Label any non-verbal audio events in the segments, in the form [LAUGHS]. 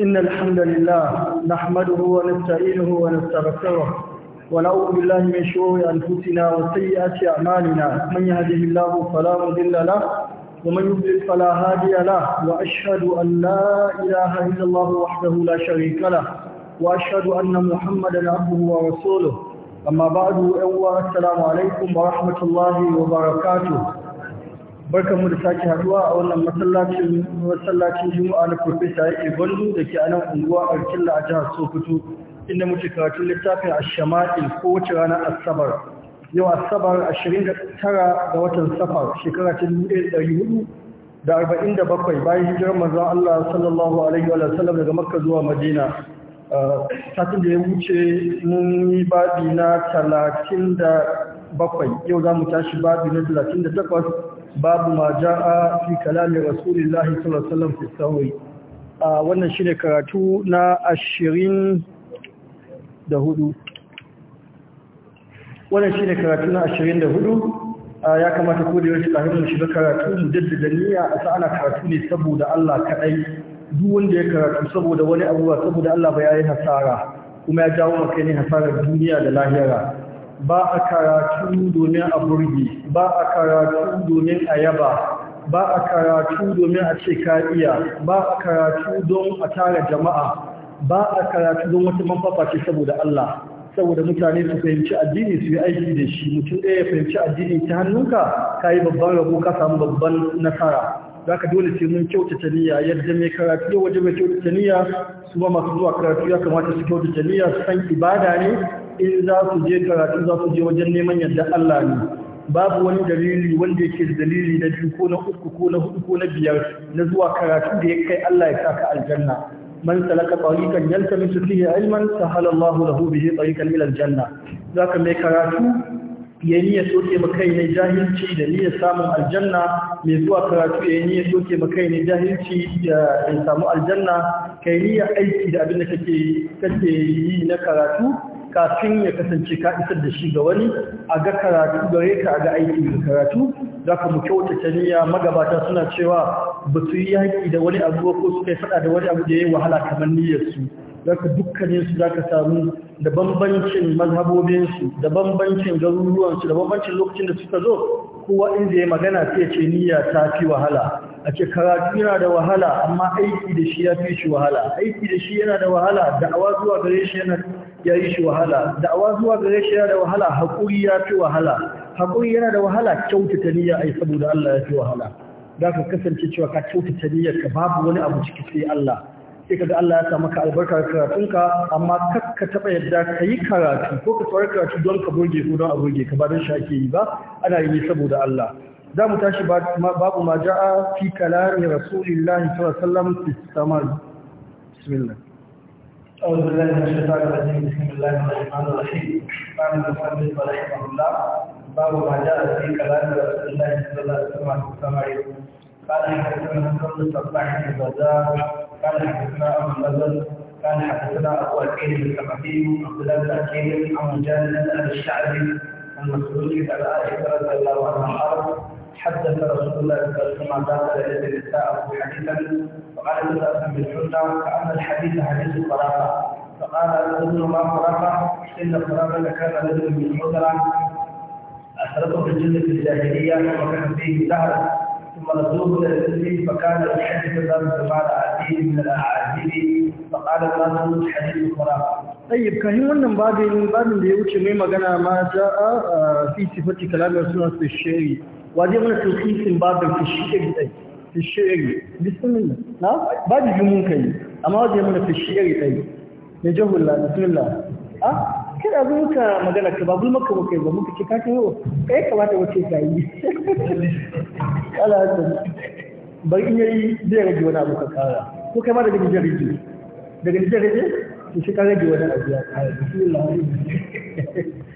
إن الحمد لله نحمده ونستعينه ونستغفره ونعوذ بالله من شرور أنفسنا وسيئات أعمالنا من يهده الله فلا مضل له ومن يضلل فلا هادي له وأشهد أن لا إله إلا الله وحده لا شريك له وأشهد أن محمدا عبده ورسوله أما بعد أولا السلام عليكم ورحمة الله وبركاته barkan mu da sake haduwa a wannan masallacin masallacin Juma'a na Professor Yake Gondo da ke a nan unguwa Arkilla a jihar Sokoto inda muke karatun littafin Ash-Shama'il kowace ranar Asabar. Yau Asabar 29 ga watan Safar shekara ta 1447 bayan hijirar manzo Allah sallallahu alaihi wa sallam daga Makka zuwa Madina. Satin da ya wuce mun yi babi na 37 yau za mu tashi babi na 38 babu ma ja'a رسول الله صلى الله عليه وسلم fi sawi wannan shine karatu na 20 da hudu wannan shine karatu na 24 ya kamata ko da yake kafin mu shiga karatu mu jaddada niyya a sa ana karatu ne saboda Allah kadai duk wanda ya karatu saboda wani abu ba saboda Allah ba yi hasara kuma ya jawo maka ne hasara duniya da lahira ba a karatu domin a burgi ba a karatu domin a yaba ba a karatu domin a ce kariya ba a karatu don a tara jama'a ba a karatu don wata manfafa ce saboda Allah saboda mutane su fahimci addini su yi aiki da shi mutum ɗaya ya fahimci addini ta hannunka ka yi babban rabo ka samu babban nasara za ka dole sai mun kyautata niyya yadda mai karatu ya waje mai kyautata niyya su ma masu zuwa karatu ya kamata su kyautata niyya su san ibada ne in za su je karatu za su je wajen neman yadda Allah ne babu wani dalili wanda yake da dalili na biyu ko na uku ko na hudu ko na biyar na zuwa karatu da ya kai Allah ya ka aljanna man salaka tariqan yaltamisu fihi ilman sahala Allahu lahu bihi tariqan ila aljanna zaka mai karatu ya niyya soke makai ne jahilci da niyya samun aljanna mai zuwa karatu ya niyya soke makai ne jahilci da samu aljanna kai niyya aiki da abin da kake kake yi na karatu kafin ya kasance ka isar da shi ga wani a ga karatu gare ka a ga aiki da karatu za ka mu kyautata niyya magabata suna cewa ba su yi yaƙi da wani abu ko su kai faɗa da wani abu da ya yi wahala kamar niyyarsu za ka dukkanin su za ka samu da bambancin mazhabobinsu da bambancin garuruwansu da bambancin lokacin da suka zo kowa inda ya magana sai ya ce niyya ta fi wahala a ce karatu yana da wahala amma aiki da shi ya fi shi wahala aiki da shi yana da wahala da awa zuwa gare shi yana ya yi shi wahala da'awa zuwa gare shi yana da wahala haƙuri ya fi wahala haƙuri yana da wahala kyautata niyya yi saboda Allah ya fi wahala za ka kasance cewa ka kyautata niyyar ka babu wani abu ciki sai Allah sai kaga Allah ya sa maka albarkar karatunka amma kar ka taba yadda ka yi karatu ko ka tsawar karatu don ka burge ko don a burge ka ba don shi ake yi ba ana yi saboda Allah za mu tashi babu ma ja'a fi kalami rasulillahi sallallahu alaihi wasallam fi samar bismillah أعوذ بالله من الشيطان الرجيم بسم الله الرحمن الرحيم قال المصنف رحمه الله باب ما جاء في كلام رسول الله صلى الله عليه وسلم قال حدثنا مسلم الصباح بن بزار قال حدثنا ابو الازل قال حدثنا ابو اكيد بن سمعتي عبد الله بن اكيد عن مجاهد الشعبي عن مسعود بن عائشه رضي الله عنها قال حدث رسول الله صلى الله عليه وسلم ذات ليله نساءه حديثا فقال نساء بالحنة فأما الحديث حديث قرابة فقال ابن ما قرابة إن قرابة كان رجل من حضرة أسرته في الجنة الجاهلية وكان فيه دهرا ثم ردوه إلى الإسلام فكان يحدث ذلك بعد عديد من الأعاجيب فقال الناس حديث قرابة طيب كان بعد wannan babin babin da ya wuce ما جاء آه، في صفة كلام رسول الله في الشيء waje mana tausisin babin fishiyar fishiyar bismillah na babu jumun kai amma waje mana fishiyar jahulla bismillah a ka magana ka babu maka muka ba muka ce ka kawo kai kamata wace ka yi [LAUGHS] ala bar in yayi zai rage wani abu ka kara ko kai ma daga nijar rage daga nijar rage to shi ka rage wani abu ya kara bismillah [LAUGHS]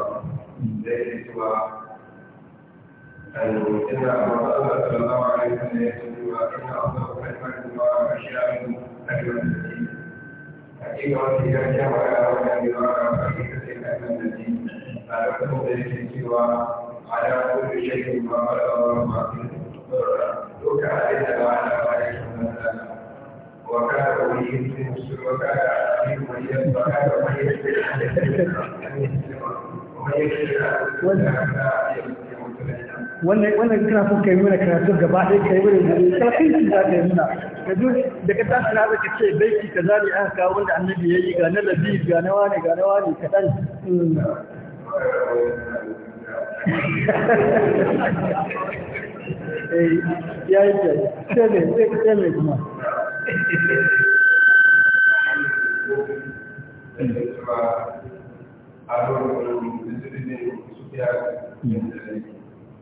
إذا أردت صلى الله عليه وسلم يقول إن أصدق حكمة الله أشياء أجمل الدين أكيد وفي ذلك ولا أولى بما حقيقة أجمل الدين أعرفه ذلك سوى على كل شيء ما خلق الله عقيدة لك عليها وعلى عليه وكان ولي وكان عليم وليا وكان وليا ومن يشرك wannan wannan kana so kai mana karatu gaba ɗaya kai mana kalafin da ka yi muna ka zo da ka tashi na zaka ce baiti kaza ne aka kawo wanda annabi ya yi ga na labi ga na wani ga na wani kaɗan [LAUGHS] eh, ya yi ce sai ne sai ne kuma Thank you.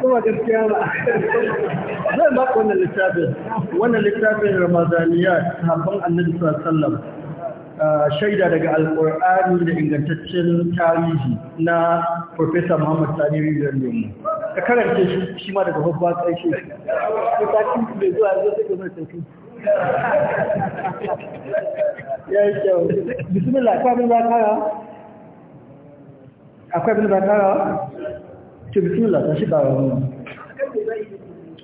kuma gaskiya ba zai ba wannan littafin wannan littafin ramazaniyat sahabban annabi sallallahu ah, shaida daga alƙur'ani da ingantaccen tarihi na Profesa Muhammad Sani Rizal Lemu. Ka karanta shi shi ma daga babba ƙarshe. ta tafi mai zuwa zai sai gaba tafi. Ya yi kyau. Bismillah, akwai abin za kara? Akwai abin to bismillah ta shi ba wannan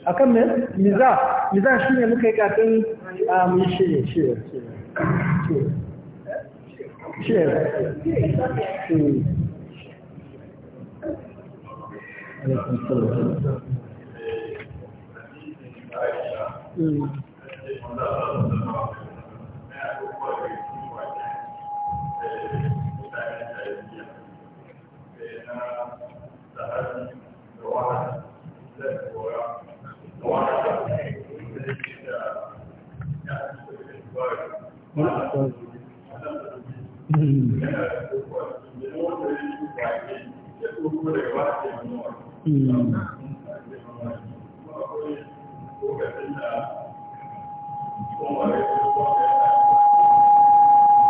akan me miza miza shine muka yi kafin a um, mun shirye shi shirye shi Mm.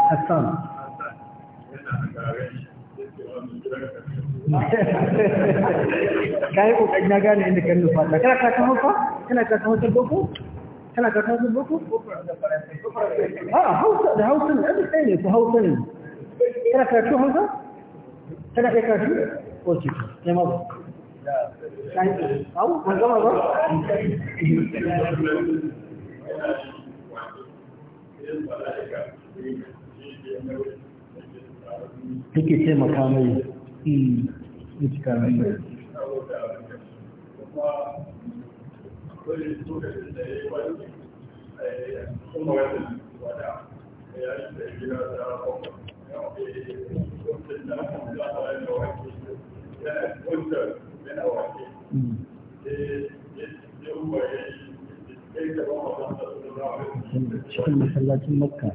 Hassan. [LAUGHS] ka yi ƙoƙari na gane inda kan nufa da kana kasan hausa kana kasan hausa boko kana ka hausa boko hausa da hausa ne abin ɗaya ne hausa ne kana karatu hausa kana iya ko ce ne ma ba ka ban gama ba take taimaka mai eh. ya cika ranar cikin masallacin makka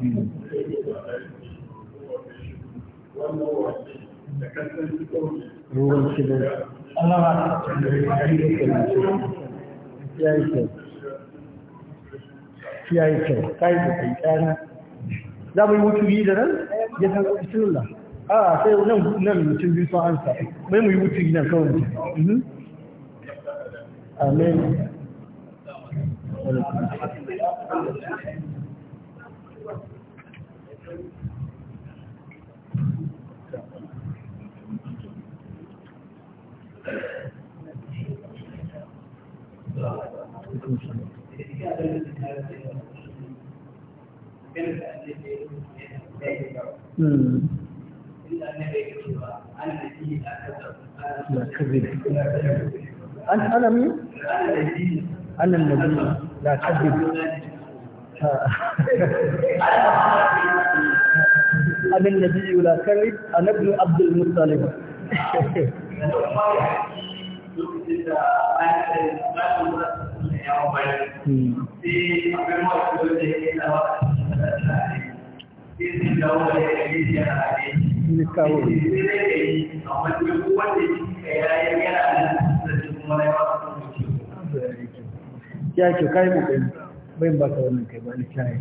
hmm. ruwan ya yi kyau ya yi kyau kai da kai za mu yi da nan ya san a sai nan nan mutum biyu sun ansa mai mu yi nan kawai mhm. amen لا كذب أنا أنا مين؟ أنا النبي لا كذب أنا النبي لا كذب أنا ابن عبد المطلب [LAUGHS] amfani kai bayan ba wannan kai ba ni kai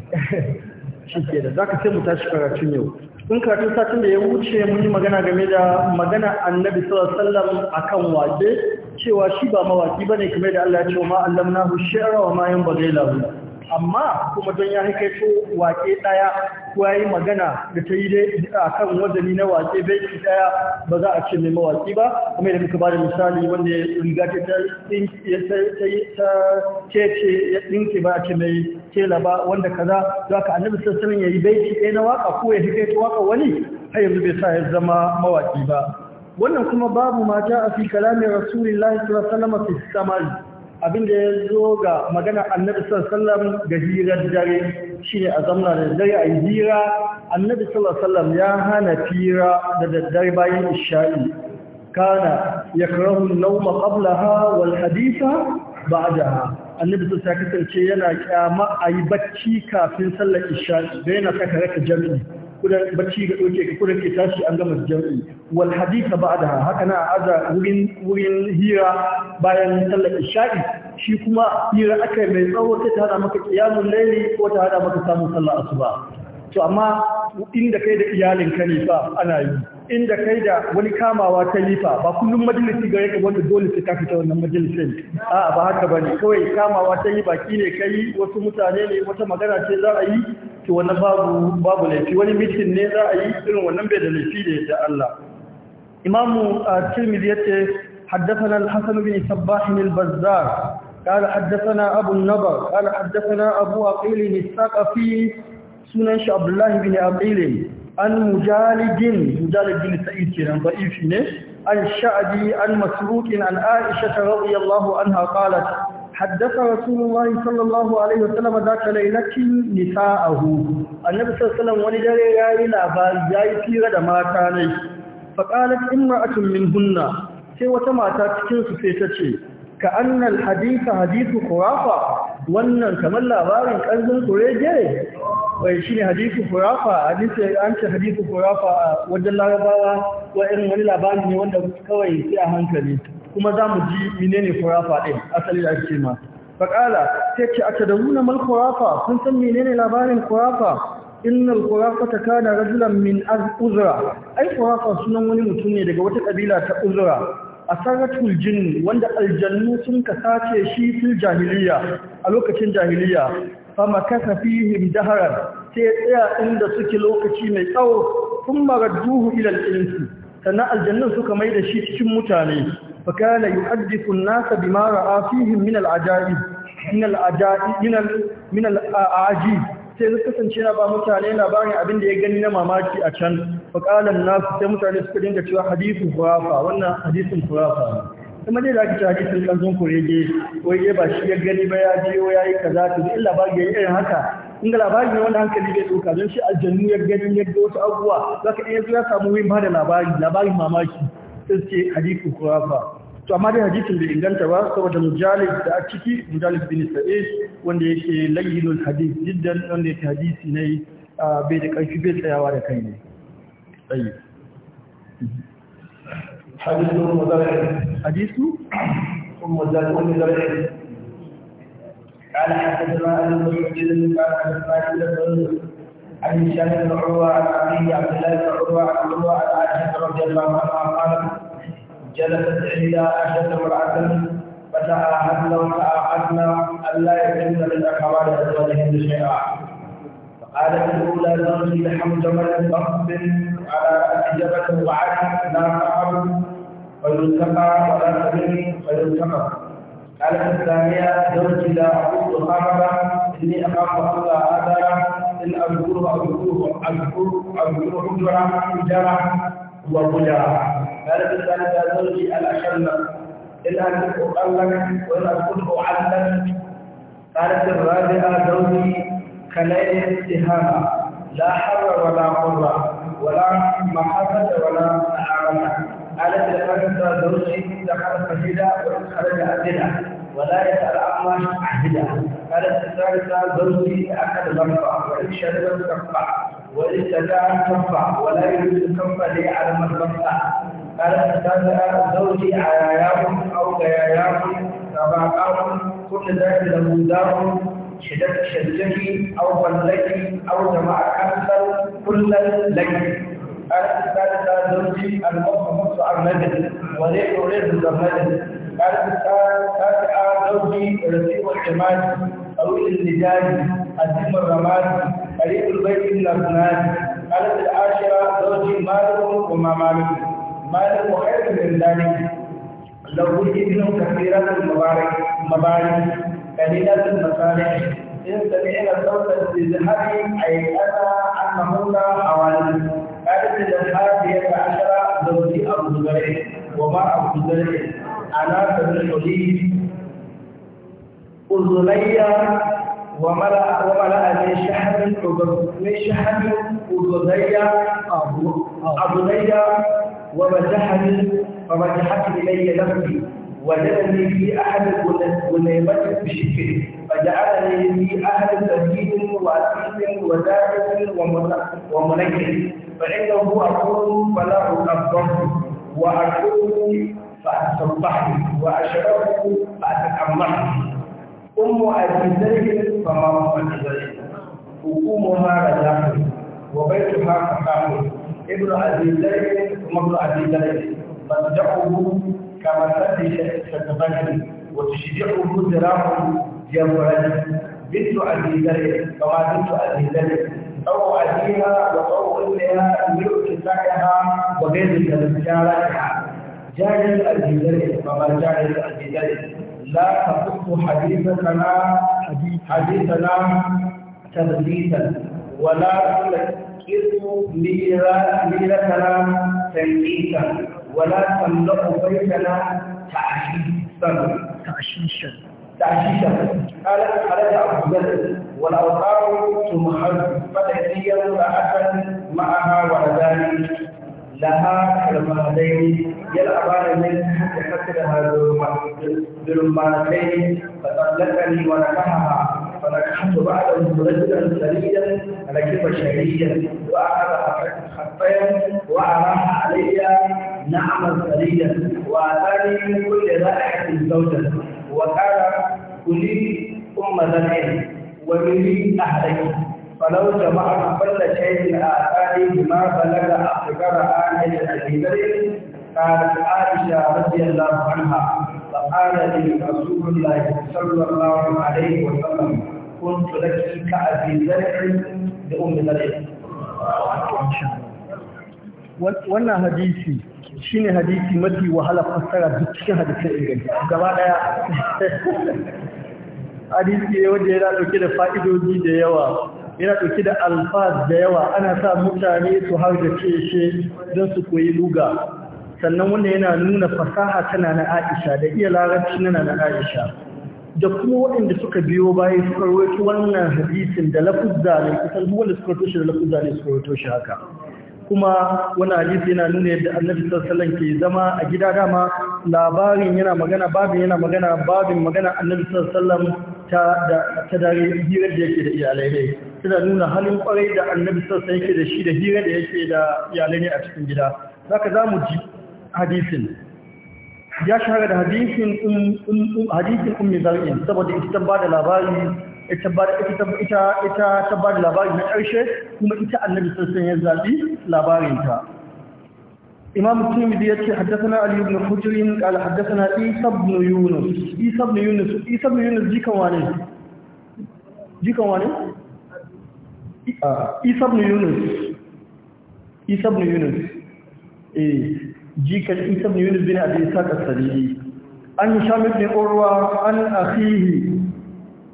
da zaka mu tashi karatun yau in karatu satin da ya wuce mun yi magana game da magana annabi sallallahu alaihi wasallam akan waje cewa shi ba mawaki ne kuma da Allah ya ce ma allamnahu shi'ra wa ma yanbaghi lahu amma kuma don ya to wake daya ko yayi magana da ta yi dai akan wazani na wake bai daya ba za a ce mai mawaki ba kuma da muka bada misali wanda ya riga ta ta ce ya dinke ba ce mai tela ba wanda kaza ka annabi sallallahu alaihi wasallam yayi baiti ɗaya na waka ko ya to waka wani har yanzu bai sa ya zama mawaki ba wannan kuma babu mata a fi kalamin rasulullahi sallallahu alaihi wasallam fi abinda ya zo ga magana annabi sallallahu alaihi wasallam ga hirar dare shine a zamna da dare ayi hira annabi sallallahu alaihi wasallam ya hana fira da daddare bayan isha'i kana yakrahu an-nawma qablaha wal haditha ba'daha annabi sallallahu alaihi wasallam yana kyama ayi bacci kafin sallar isha'i da yana saka raka jami'i kudan bacci ga ɗauke ka kudan ke tashi an gama jam'i wal ba ba'daha haka na aza wurin wurin hira bayan sallar isha'i shi kuma hira aka mai tsawo ta hada maka qiyamul layli ko ta hada maka samun sallar asuba to amma inda kai da iyalin ka ne fa ana yi inda kai da wani kamawa ta yi fa ba kullum majalisi ga yake wanda dole sai ka fita wannan majalisin a'a ba haka bane kawai kamawa ta yi baki ne kai wasu mutane ne wata magana ce za a yi ki wannan babu laifi wani mitin ne za a yi irin wannan bai da laifi da yadda Allah imam at-tirmidhi uh, yace haddathana al-hasan bin sabbah bin al-bazzar qala haddathana abu an-nabar qala haddathana abu aqil bin saqafi sunan shi abdullah bin aqil an mujalidin mujalidin sai ce ran ne an sha'di an masruqin an aisha radhiyallahu anha qalat حدث رسول الله صلى الله عليه وسلم ذاك ليلة نساءه النبي صلى الله عليه وسلم ولدري ياي لاباري ياي فيرا da mata ne faqalat imra'atun minhunna sai wata mata cikin su sai tace ka annal hadith hadithu khurafa wannan kamar labarin kanzon kurege wai shine Kurafa? khurafa hadisi an ce hadithu khurafa wajen larabawa wa irin wani labari ne wanda kawai sai a hankali kuma za mu ji menene kurafa ɗin, asali da ake ma faqala sai ce na mal kurafa kun san menene labarin kurafa innal khurafata kana rajulan min uzra ai khurafa sunan wani mutum ne daga wata kabila ta uzra asaratul jin wanda aljannu sun kasace shi fil jahiliya a lokacin jahiliya fama kasa fihim daharan sai ya tsaya inda suke lokaci mai tsawo sun maradduhu ilal insi sannan aljannun suka mai da shi cikin mutane فكان يحدث الناس بما رأى فيهم من العجائب من العجائب من من sai suka kasance na ba mutane labarin abin da ya gani na mamaki a can faqalan nasu sai mutane suka dinga cewa hadithu khurafa wannan hadisin khurafa kuma dai da ake cewa hadisin kanzon kurege kurege ba shi ya gani ba ya je ya yi kaza to illa ba irin haka in ga labari ne wanda hankali bai ɗauka don shi aljannu ya gani ya ga wasu abubuwa za ka iya zuwa samu yin ba da labari labarin mamaki suke hadithu kurafa to amma dai hadithun bai inganta ba saboda mujalib da a ciki mujalib bin sa'id wanda yake layyinul hadith jiddan wanda yake hadisi ne bai da ƙarfi bai tsayawa da kai ne tsayi hadisu zai قال حدثنا ابن مسعود قال حدثنا أبي هشام بن عروه عن عبد الله بن عروه عن عروه عن عائشه رضي الله عنها قالت جلست عند عائشه امراه فتعاهدنا وتعاهدنا الا يكون من احوال ازواجهن شيئا فقالت الاولى زوجي لحم جمل ضرب على راس جبل وعد لا تعب فيلتقى ولا تبني فيلتقى قالت الثانيه زوجي لا اقول خربا اني اخاف الله هذا أذكره أذكره أذكره أذكره أذكر حجرة حجرة وحجرة هذا الثالث زوجي الأشلق الآن أقلق والأذكر أعلق قالت الرابعة زوجي خليل اتهامة لا حر ولا قرة ولا محبة ولا سعادة قالت الخامسة زوجي دخل فجدا وخرج أدنى ولا يسأل عما عهدها قالت الثالثة زوجي أحد مرفع وإن شرب تقطع وإن استدعى تقطع ولا يجوز الكفة لي على من تقطع قالت الثالثة زوجي ياهم أو غياياكم رباقاكم كل ذلك له دار شدت شدتي أو فلتي أو جمع كسر كل لك قالت الثالثة درجي المصر مصر عمد وليح وليح مجمد قالت درجي زوجي رسيب الحماد طويل اللجاج عزيم الرماد قريب البيت من الأسنان قالت العاشرة درجي ماله وما ماله ماله خير من ذلك لو قلت منه كثيرة المبارك مبارك قليلة المصالح إن سمعنا صوت الزهر أي أنا أنه لا حوالي قالت الحادية عشرة زوجي أبو زرع وما أبو زرع أنا بن لي أذني وملأ وملأ من شحم من شحم أذني أذني ومسحني فمسحت إلي نفسي وجدني في أحد غنيمة بشكل فجعلني في أحد سبيل وأسيس وزاكس ومنكر فإنه أقول فلا أكبر وأقول فأتصبحت وأشرفت فأتكمحت أم أبي زيد فما أم زيد حكومها رزاق وبيتها فقام ابن أبي زيد ثم ابن أبي زيد مصدقه كما تأتي ستبني وتشجعه ذراعه جمرا بنت أبي زيد فما بنت أبي زيد أو أديها وأو أمها ملك سكها وغير ذلك جاهل الجدل فما جاهل الجدل لا تقص حديثنا حديثنا تبديدا ولا تلقص ميرتنا تنقيسا ولا تملأ بيتنا تعشيشا تعشيشا تعشيشا قال خرج عبد ذر والأوقاف تمحل فالعلية ساعة معها ولدان لها كلمتين يلعبان من حتى حسرها برمانتين فطلقني ونكحها فنكحت بعده رجلا سريا ركب شهيا واخذ خطيا وأراح علي نعما سريا واتاني من كل رائحه زوجا وقال كلي ثم ذكر وملي أهلك فلو جمعت كل شيء آتاني بما بلغ أفكر آنية أبي بكر قالت عائشة رضي الله عنها فقال لي رسول الله صلى الله عليه وسلم كنت لك كأبي ذر لأم ذر wannan hadisi shi ne hadisi mafi wahala fassara duk cikin hadisin ingani gaba daya hadisi ne wanda yana dauke da fa'idoji da yawa yana dauke da alfaz da yawa ana sa mutane su har da cece don su koyi luga sannan wanda yana nuna fasaha tana na aisha da iya larabci na na aisha da kuma waɗanda suka biyo bayan suka rawaito wannan hadisin da lafuzza ne kusan duk wanda suka rawaito shi da lafuzza ne suka rawaito haka kuma wani hadisi yana nuna yadda annabi sallallahu ke zama a gida dama labarin yana magana babin yana magana babin magana annabi sallallahu ta da ta dare hirar da yake da iyalai ne tana nuna halin kwarai da annabi sallallahu yake da shi da hirar da yake da iyalai ne a cikin gida zaka zamu ji hadisin ya shahara da hadisin um, um, um, hadisin ummi zar'in saboda ita da labari ita ta ba da labari na ƙarshe kuma ita annabi sassan ya zaɓi labarinta imam tirmidhi ya ce haddathana ali ibn hujr haddasa na isa bin yunus isa bin yunus isa bin yunus jikan wane jikan wane ah, isa bin yunus isa bin yunus e jikan isa bin yunus bin abi saka sarili an hisham ibn ƙorwa an akhihi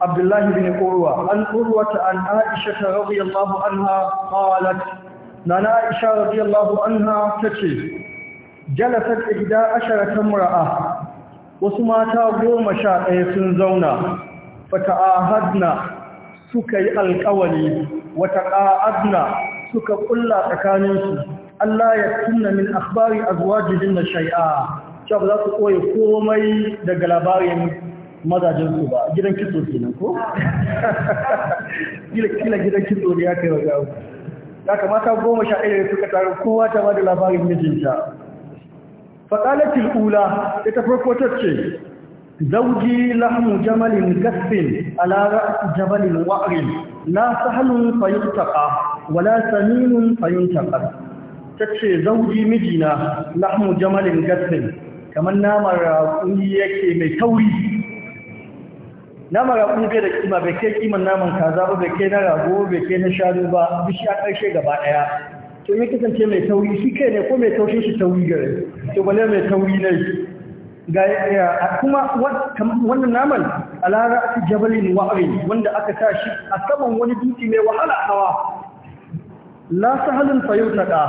عبد الله بن قروة عن قروة عن عائشة رضي الله عنها قالت لنا عائشة رضي الله عنها تشي جلست إحدى عشرة امرأة وسما تقوم شائع سنزونا فتعاهدنا سكي القولي وتقاعدنا سك كل تكانيس ألا يكن من أخبار أزواجهن شيئا شاب لا تقوي قومي دقلبارين mazajen su ba gidan kitso kenan ko kila kila gidan kitso ne ya kai wa ya kamata goma sha ɗaya suka taru kowa ta ba da labarin mijinta faƙalatul ula ita farko ta ce zauji lahmu jamalin gasbin ala ra'si wa'arin, na la sahlun taƙa wala taƙa ta ce zauji mijina lahmu jamalin gasbin kamar namar raƙumi yake mai tauri nama raƙu bai da kima bai kai kiman naman kaza ba bai kai na rago bai kai na shanu ba bishi a ƙarshe gaba ɗaya to ya kasance mai tauri shi kai ne ko mai taushe shi tauri gare to bane mai tauri ne ga kuma wannan naman alara jabalin wa'ri wanda aka sa shi a saman wani dutse mai wahala hawa la sahalun fayutaka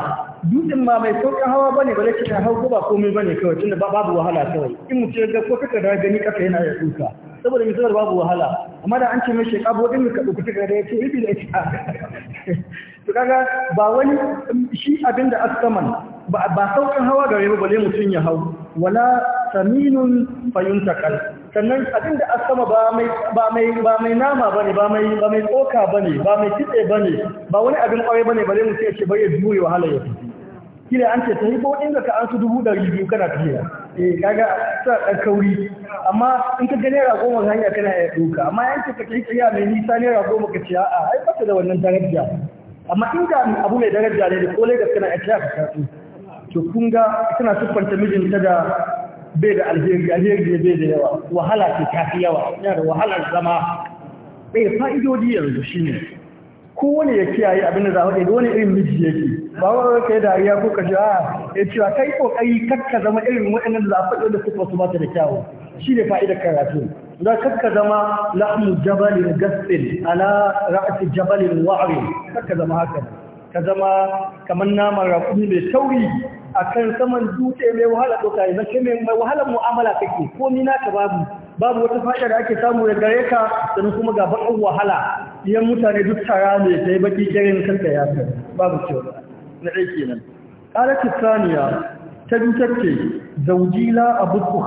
dutsen ma mai saukin hawa bane bale ki ta hau ko ba komai bane kawai tunda babu wahala kawai in mutum ya ga ko kaka da gani kaka yana ya tsuka. saboda misalar babu wahala amma da an ce mai shekabu din ka dauki gada ya ce ibi da ita to kaga ba wani shi abin da saman ba saukan hawa gare ba bale mutum ya hau wala saminun fayuntakal sannan abin da aka ba mai ba mai ba mai nama bane ba mai ba mai tsoka bane ba mai kitse bane ba wani abin kwarai bane bale mutum ya ce bai ya juye wahala ya fiti kila an ce ta hibo inda ka an su dubu ɗari biyu kana tafiya eh kaga ta ɗan kauri amma in ka ga naira goma ga hanya kana ya ɗauka amma yan ce ka kai tsaya mai nisa naira goma ka ce a ai da wannan daraja amma in ga abu mai daraja ne da kole da kana iya ka tafi, to kun ga tana siffanta mijinta da bai da alheri alheri ne bai da yawa wahala ce ta fi yawa yana da wahalar zama bai eh, fa'idodi yanzu shine Ko wani ya kiyaye abin da za a faɗi wani irin miji yake ba wa ka yi dariya ko ka a ah, ya cewa kai kokari kakka zama irin waɗannan da za a faɗi da suka su mata da kyawu shi ne fa'idar karatu da kakka zama lahmu jabalin gastin ala ra'asi jabalin wa'arin. kakka zama haka ka zama kamar naman raƙumi mai tauri a kan saman dutse mai wahala ɗauka ya zace mai wahalar mu'amala kake ko ni naka babu babu wata fa'ida da ake samu da gare ka sannan kuma ga bakin wahala iyan mutane duk tara ne ta yi baki kirin kanka ya fi babu kyau na nan. kenan ƙalatu saniya ta dutar ce zaujila abu ku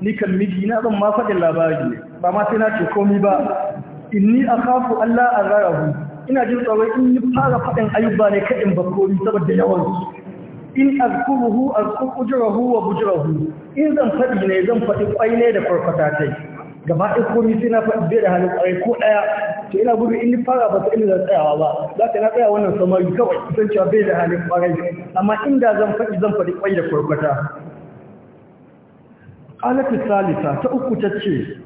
ni kan miji na zan ma faɗin labari ba ma sai na ce komi ba inni kafu Allah ararahu. ina jin tsoron in yi fara faɗin ayyuba ne kaɗin bakori saboda su in azkuruhu azku wa bujrahu in zan faɗi ne zan faɗi kwai ne da farfata tai gaba ɗaya komai sai na faɗi da halin kwarai ko ɗaya to ina gudu in fara ba ta ina zan tsayawa ba za ka na tsaya wannan samari kawai zan cewa bai da halin kwarai amma inda zan faɗi zan faɗi kwai da farfata alatu salisa ta uku ta ce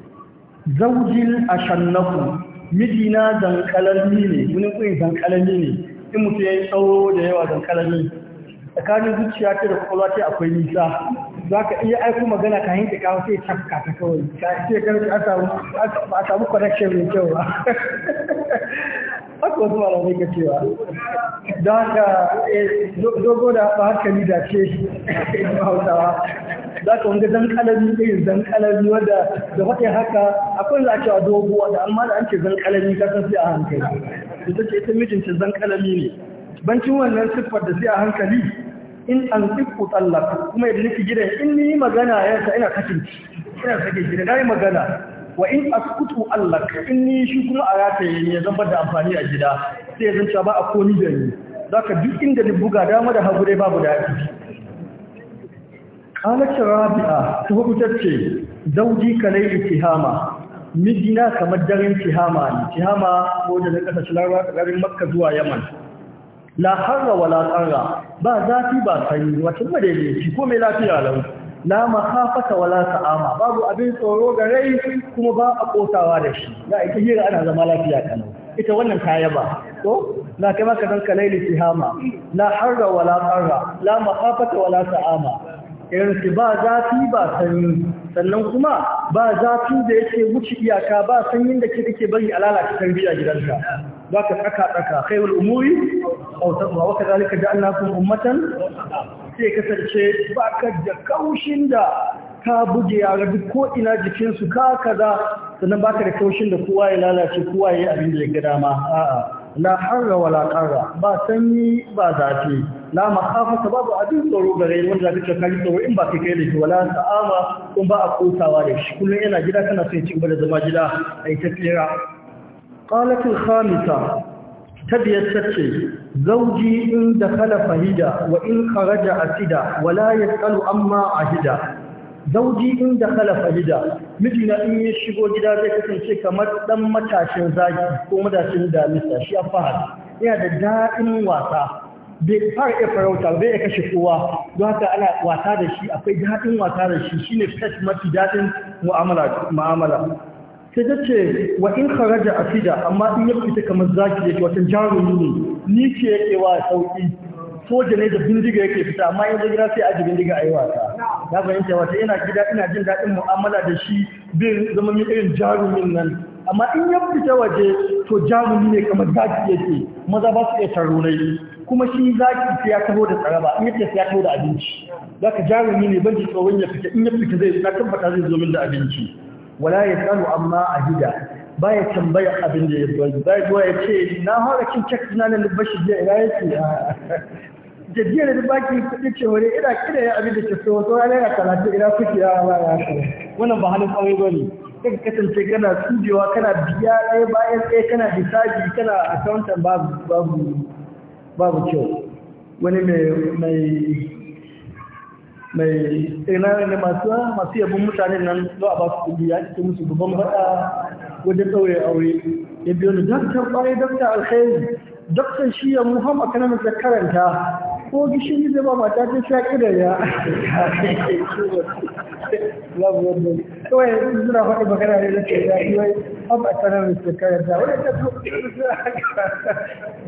zaujin ashannaku midina zankalami ne wani kuyin zankalami ne in mutu ya yi tsawo da yawa zankalami tsakanin zuciya ta da kwakwalwa ta akwai nisa za ka iya aiko magana ka hinta kawo sai tafka ta kawai ka ce karfi a samu a samu connection mai kyau ba haka wasu malamai ka cewa don haka eh, dogo da haka hankali da ce [LAUGHS] hausawa za ka wanga zan kalabi ɗaya zan kalabi wadda da faɗin haka akwai za a cewa dogo wadda amma da an ce zan kalabi ka san sai a hankali ita ce ita mijinta zan kalabi ne bancin wannan siffar da sai a hankali in an siku tsallaka kuma yadda nake gidan in ni magana yansa ina kashin ina sake gida na yi magana wa in a askutu Allah, in ni shi kuma a rataye ne zan zama da amfani a gida sai zan ba a komi da ni za ka duk inda ni buga dama da hagu dai babu daɗi kalacin rabi'a ta ce, zauji kalai tihama mijina kamar daren tihama ne tihama ko da na ƙasashen larabawa makka zuwa yaman la harra wala qarra ba zafi ba sanyi wata madaidaici ko mai lafiya lau la mahafata wala ta'ama babu abin tsoro ga rai kuma ba a kotawa da shi na ita hira ana zama lafiya kana ita wannan kaya ba ko na kai maka dan kalaili tihama la harra wala qarra la mahafata wala ta'ama irinsu ba zafi ba sanyi sannan kuma ba zafi da yake wuce iyaka ba sanyin da ke bari a lalata tarbiyya gidanka za ka tsaka tsaka khairul umuri autawa wa kadhalika ja'alnakum ummatan sai kasance ba ka da kaushin da ka buge yara duk ko ina jikinsu ka kaza sannan baka da kaushin da kowa ya lalace kowa ya yi abin da ya ga dama a'a la harra wala qarra ba sanyi ba zafi la makhafata babu abin tsoro gare wanda zaka ce kai tsoro in ba kai kai da shi wala sa'ama kun ba a kusawa da shi kullun yana gida kana son ci gaba da zama gida ai ta tsira qalat al khamisa tabiyat tace zawji in dakhala fahida wa in kharaja asida wala yasalu amma ahida zauji in da kalafa hida mijina in ya shigo gida zai kasance kamar dan matashin zaki ko matashin damisa shi a fahad yana da daɗin wasa bai fara iya farauta bai ya kashe kowa don haka ana wasa da shi akwai daɗin wasa da shi shine fet mafi daɗin mu'amala sai ta ce wa in kharaja afida amma in ya fita kamar zaki da wata jarumi ne ni ke yake wa sauki soja ne da bindiga yake fita amma yanzu gida sai aji bindiga ayi wasa na fahimta wata yana gida ina jin daɗin mu'amala da shi bin zama mai irin jarumin nan amma in ya fita waje to jarumi ne kamar zaki yake maza ba su iya taro kuma shi zaki sai ya taho da tsaraba in yake sai ya taho da abinci Za ka jarumi ne ban ji ya fita in ya fita zai na tabbata zai zo min da abinci wala ya tsaro amma a gida Ba ya tambaya abin da ya zuwa ya ce na hora cin kek na nan bashi jiya ina yake jajiyar da baki kuɗi ce wani ina kira ya abin da ke so wasu rana ya karatu ina kuke ya ba ya haka wannan ba halin kwarai ba ne kan kasance kana tujewa kana biya ɗaya bayan ɗaya kana bisaji kana a babu babu kyau wani mai mai ina ne masu masu yabon mutane nan zuwa a ba su kudi ya ce musu babban bada wajen ɗaure aure ya biyo da daktar ƙwarai daktar alkhairi daktar shi ya muhammad da karanta ko gishiri zai ba mata ta sha kira ya labuwar da kawai yanzu suna faɗi magana ne da ke zaɓi wai an ba tsanar da su kayan da wani ta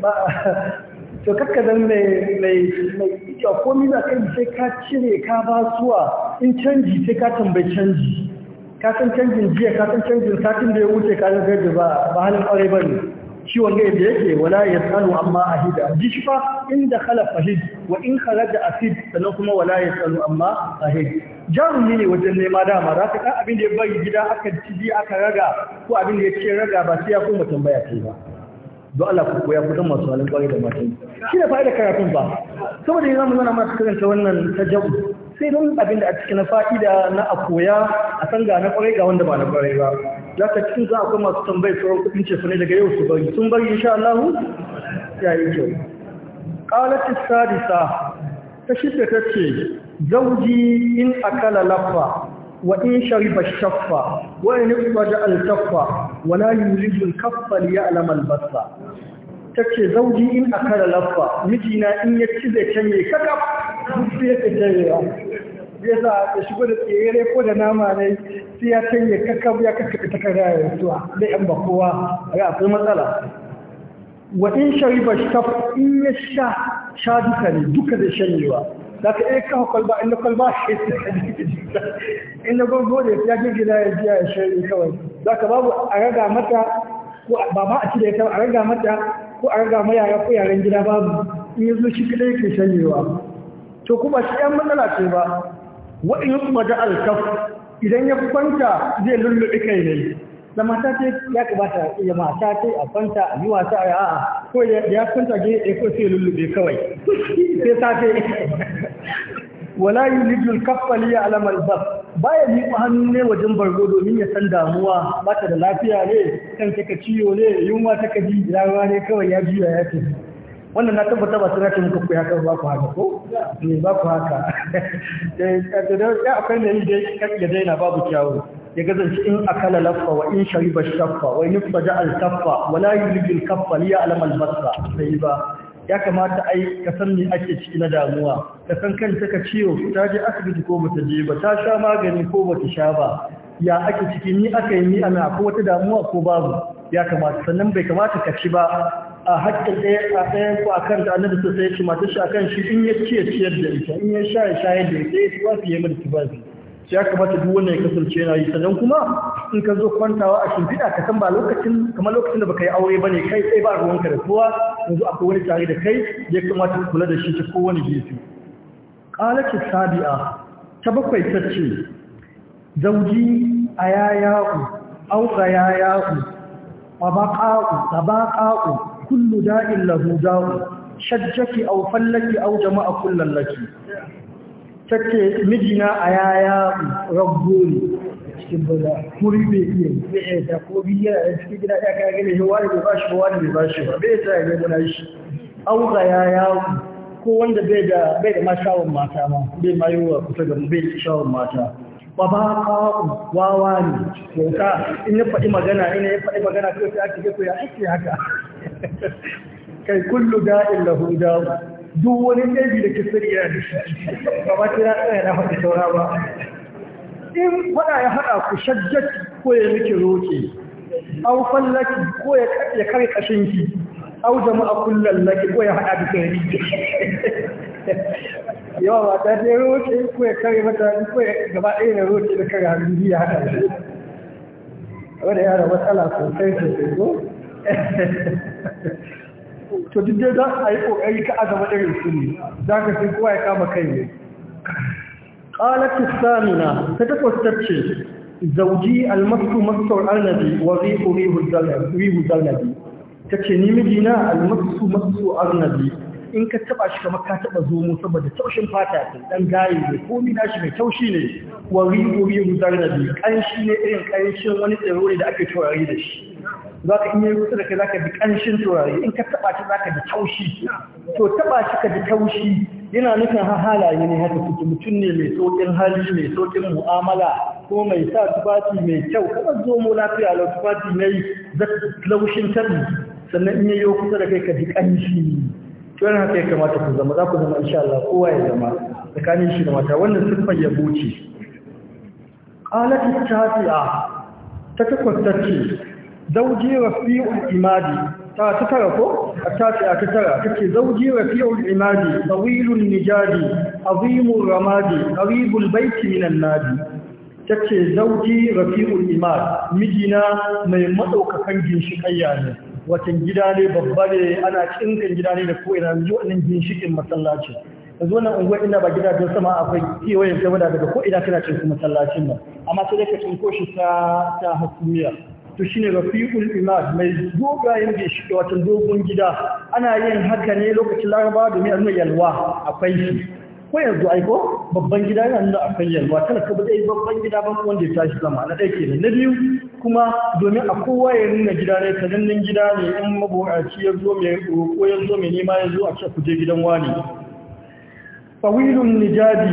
ba to kakka zan mai mai mai ita komi za ka sai ka cire ka ba suwa in canji sai ka tambayi canji ka san canjin jiya ka san canjin satin da ya wuce ka zan da ba ba halin ƙwarai ba ne ciwon gai da yake wala ya tsaro amma a hida in inda khala fahid wa in da asid sannan kuma wala ya tsaro amma a hida jarum ne wajen nema dama za ka ɗan abin da ya bari gida aka ciji aka raga ko abin da ya ce raga ba sai ya koma tambaya ce ba don Allah ku koya kudan masu halin kwari da matan shi da fa'ida karatun ba saboda yanzu mu zana masu karanta wannan tajabu sai don abin da a cikin fa'ida na a koya a san ga na kwarai ga wanda ba na kwarai ba zaka cikin za akwai masu tambayar tsoron kudin cefa ne daga yau su bari sun bari insha Allah ya yi kyau qalat sadisa ta shidda tace zawji in akala lafa wa in shariba shaffa wa in ifaja al kaffa wa la yulidu al kaffa li ya'lam al basa tace zawji in akala lafa mijina in ya ci zai canye kakaf duk sai ya zai sa ya shigo da tsere ko da nama ne sai ya canye kakkab ya kakkaɓe takarda ya rasuwa da yan bakowa a ga akwai matsala wa in shariba shaf in ya sha sha duka ne duka da shanyewa za ka iya kawo kwalba inda kwalba shi inda gwamgo da ya gina ya jiya ya shari'a kawai za ka babu a raga mata ko ba ma a ci da ya a raga mata ko a raga ma yara ko yaren gida babu in ya zo shi kadai ke shanyewa to kuma shi yan matsala ce ba wa in yutmada al-kaf idan ya kwanta zai lullu kai ne da mata ce ya kamata ya mata ce a kwanta a yi wasa a a'a ko ya kwanta ge ya ko sai lullube kawai sai ce wala yulijul kaffa li ya'lam al ba ya miƙa hannu ne wajen bargo domin ya san damuwa ba ta da lafiya ne kan take ciwo ne yunwa ta kaji rawa ne kawai ya juya ya ce. wannan na tabbata ba suna ce muku ya ba ku haka ko ne eh, ba ku haka eh, ya akwai ne yi dai ya daina babu kyawu ya gazanci in akala laffa wa in shariba shaffa wa in faja al-kaffa wa la kaffa li ya'lam al basra sai ba ya kamata ai ka san ni ake ciki na damuwa ka san kanta ka ciwo ta je asibiti ko bata je ba ta sha magani ko bata sha ba ya ake ciki ni aka ni ana ko wata damuwa ko babu ya kamata sannan bai kamata ka ci ba a a ɗayan ku a kan ta annabi sai ya ce mata shi a kan shi in ya ci ciyar da ita in ya sha ya shayar da ita ya ci ba su yi ya kamata duk wanda ya kasance yana yi sannan kuma in ka zo kwantawa a shimfiɗa ka san ba lokacin kamar lokacin da baka yi aure ne kai sai ba ruwanka da kowa yanzu akwai wani tare da kai ya kamata kula da shi ta kowane gefe qalati sabi'a ta bakwai tace zauji ayayaku au gayayaku abaqa'u tabaqa'u kullu da'in lahu da'u shajjaki aw fallaki aw jama'a kullal laki take mijina a yaya rabbo ne cikin bala muri bai iya bai ta ko biya a cikin gida ya kai gane shi wani bai bashi wani ne bashi ba bai ta ga muna shi au ga yaya ko wanda bai da bai da mashawon mata ma bai mayuwa kusa da bai da shawon mata babaka'u wawa ne kyauta in ya faɗi magana in ya faɗi magana kai sai ake gefe ya ake haka kai kullu da'in lahu da'u duk wani ɗabi da ke sirri yana da shi ba ma kira tsaya na faɗi saura ba in faɗa ya haɗa ku shajjaki ko ya miki roƙe au fallaki ko ya kare ƙashinki au jama'a kullum laki ko ya haɗa da sarari yawa ba ta ce roƙe ko ya kare mata ko ya gaba ɗaya na roƙe da kare hannu ya haɗa da shi wadda yara matsala sosai sosai ko to duk dai za a yi ƙoƙari ka azama irin su ne za ka fi kowa ya kama kai ne ƙalatu samina ta takwas ta ce zauji almasu masar arnabi wa rihu rihu zarnabi ta ce ni mijina almasu masu arnabi in ka taɓa shi kamar ka taba zomo saboda taushin fata ta dan gaye ne komi nashi mai taushi ne wa rihu rihu zarnabi ƙanshi ne irin ƙanshin wani tsaro ne da ake taurari da shi za ka iya kusa da kai za ka bi ƙanshin turare in ka taɓa shi za ka bi taushi to taɓa shi ka bi taushi yana nufin halaye ne haka suke mutum ne mai sauƙin hali mai sauƙin mu'amala ko mai sa tufafi mai kyau kamar zomo lafiya lau tufafi mai laushin tabi sannan in yi kusa da kai ka bi ƙanshi to yana haka ya kamata ku zama za ku zama insha Allah kowa ya zama tsakanin shi da mata wannan siffar ya ce qalat tafiya ta takwas ta ce zauji rafi'ul imadi ta ta tara ko ta ce a ta tara take zauji rafi'ul imadi tawilun nijadi azimur ramadi qaribul baiti minan nadi take zauji rafi'ul imad mijina mai madaukakan ginshikayya ne watan gida ne babba ne ana cinkan gida ne da ko ina yanzu wannan ginshikin masallaci yanzu wannan unguwar ina ba gidajen sama akwai kewayen ta daga ko ina kana cin masallacin ba amma sai dai ka cin shi ta ta miya. to shine rafiqul imad mai dogayen gishi wato dogon gida ana yin haka ne lokacin laraba domin annabi yalwa akwai shi ko yanzu ai ko babban gida yana nuna akwai yalwa kana ka bude babban gida ban wanda ya tashi zama na dake ne na biyu kuma domin a kowa ya nuna gida ne sanannen gida ne in mabuƙaci ya zo mai ko ya zo mai nema ya zo a ce kuje je gidan wani fawilun nijadi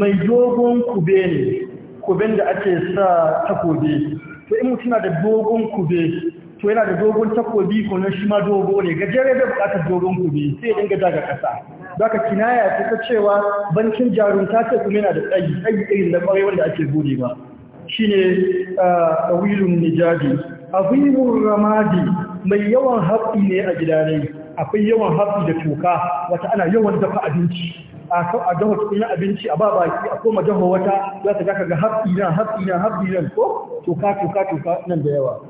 mai dogon kube ne kuben da ake sa takobi to in mutum da dogon kube to yana da dogon takobi ko na shi ma dogo ne gajere da bukatar dogon kube sai ya dinga daga kasa zaka kinaya ta ta cewa bankin jarunta ta kuma yana da tsayi tsayi irin da kwarai wanda ake gode ba shine tawilun nijadi azimur ramadi mai yawan haƙi ne a gidanai akwai yawan haƙi da toka wata ana yawan dafa abinci a jaho cikin abinci a ba baki a koma jaho wata za ta ga haɓi na haɓi na haɓi nan ko tuka tuka tuka nan da yawa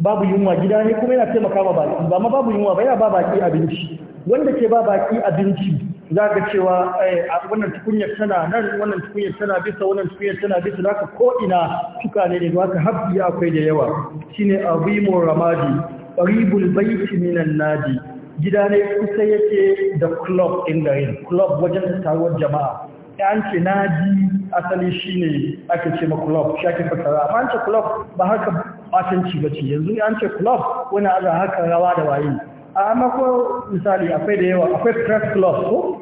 babu yunwa gida ne kuma yana taimaka ma baki ba ma babu yunwa ba yana ba baki abinci wanda ke ba baki abinci za ka cewa eh, a wannan tukunyar tana nan wannan tukunyar tana bisa wannan tukunyar tana bisa za ka ko'ina tuka ne ne za ka haɓi akwai da yawa shine abimur ramadi qaribul baiti minan nadi gida ne kusa yake da club in garin club wajen taruwar jama'a yan ce na ji asali shi ne ake ce ma club shi ake fasara amma an ce club ba haka batanci ba ce yanzu an ce club wani aza haka rawa da waye a amma ko misali akwai da yawa akwai press club ko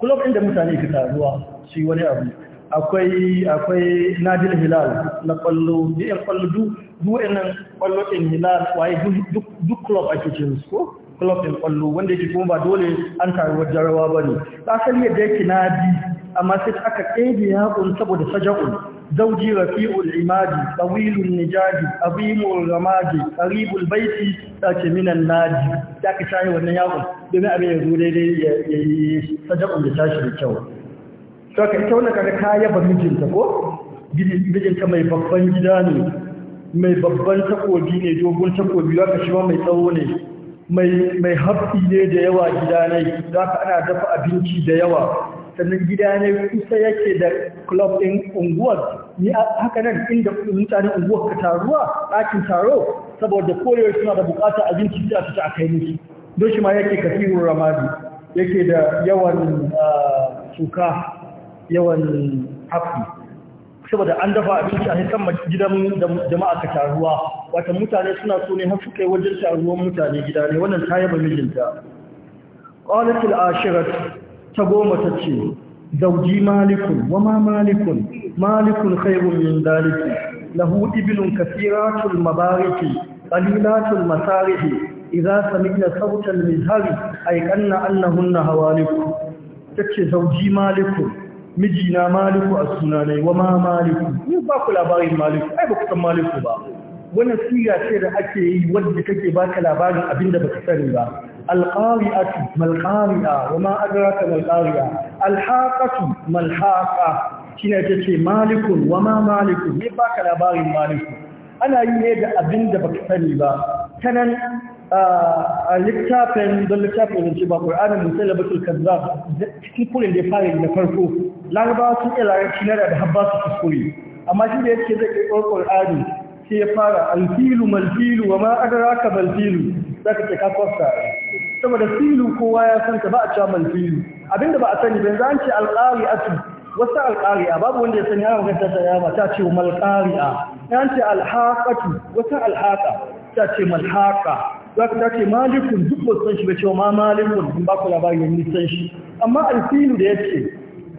club inda mutane ke taruwa su yi wani abu akwai akwai nadil hilal na kwallo da yan kwallo duk wa'annan kwallo din hilal waye duk club ake ce su? ko club din kwallo wanda yake kuma ba dole an taru wajen rawa ba ne asali yadda yake na bi amma sai aka ƙebe yaƙun saboda saja'un zauji rafi'ul imadi tsawilun nijadi abimul ramadi ƙaribul baiti ɗace minan nadi ta aka shayi wannan yaƙun domin abin ya zo daidai ya yi saja'un da tashi da kyau to aka ita wannan kaga kaya ba mijinta ko mijinta mai babban gida ne mai babban takobi ne dogon takobi aka shi ma mai tsawo ne mai hafi ne da yawa gida ne za ka ana dafa abinci da yawa sannan gida ne kusa yake da club ɗin unguwar ni haka nan inda mutane unguwar ka taruwa ɗakin taro saboda koyar suna da bukatar abinci da su ta a kai musu don shi ma yake kafirun ramadi yake da yawan ah, suka yawan hafi saboda an dafa abinci a kan gidan jama'a ka taruwa wata mutane suna so ne har suka yi wajen taruwan mutane gida ne wannan ta yaba mijinta qalatul ashirat ta goma ta ce zauji malikun wa ma malikun malikun khairun min daliki lahu ibilun kathiratul mabariki qalilatul masarihi idza sami'na sautal mizhari ayqanna annahunna hawaliku tace zauji malikun mijina maliku a sunanai wa ma maliku ni ba ku labarin maliku ai ba ku san maliku ba wannan siga ce da ake yi wanda kake baka labarin abin da baka sani ba alqari'atu malqari'a wa ma adraka malqari'a alhaqatu malhaqa shine tace malikun wa ma malikun ni baka labarin maliku ana yi ne da abin da baka sani ba tanan a littafin don littafin zance ba ƙur'anin musallabatul kazzab cikin kulin da ya fara na farko larabawa sun iya larabci na da habba su kuskure amma shi da yake zai ƙirƙirar ƙur'ani sai ya fara alfilu malfilu wa ma adraka malfilu za ka ce ka kwasta saboda filu kowa ya san ta ba a cewa malfilu abinda ba a sani ban za a ce alƙari'atu wasu alƙari'a babu wanda ya sani ana magana ta yawa. ta ce malƙari'a ya ce alhaƙatu wasu alhaƙa ta ce malhaƙa za ka ce malikun duk wasu san shi ba cewa ma malikun ba ku labarin wani san shi amma alfilu da ya ce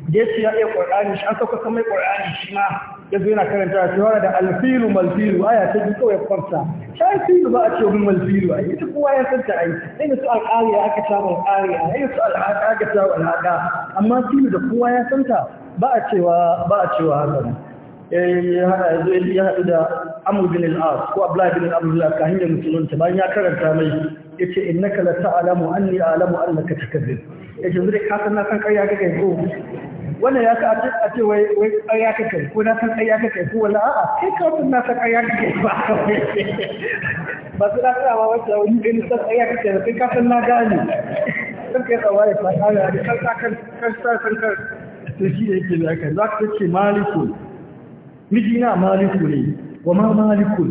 Yesu ya iya Qur'ani shi an sauka kamar Qur'ani shi ma yanzu yana karanta shi wara da alfilu malfilu aya ta ji kawai farta shi filu ba a ce mun malfilu ai ita kowa ya san ta ai sai su al'ariya aka ta mun ariya sai su al'aqa aka ta al'aqa amma filu da kowa ya san ta ba a cewa ba a cewa haka ya haɗu da Amr bin al-As ko Abdullah bin Abdullah kahin da musulunta bayan ya karanta mai yace innaka la ta'lamu anni a'lamu annaka takazzib yace zure ka san na san ƙarya kake ko wannan ya ka a ce wai wai ƙarya ka kai ko na san ƙarya ka kai ko wala a'a kai ka wannan na san ƙarya ka kai ba ba su na tsaya ba wani gani san ƙarya ka kai kai ka san na gane kan kai tsawa ya fa tsaya da kan sa kan kan sa kan kan to shi ne yake da kai za ka ce maliku mijina maliku ne wa ma maliku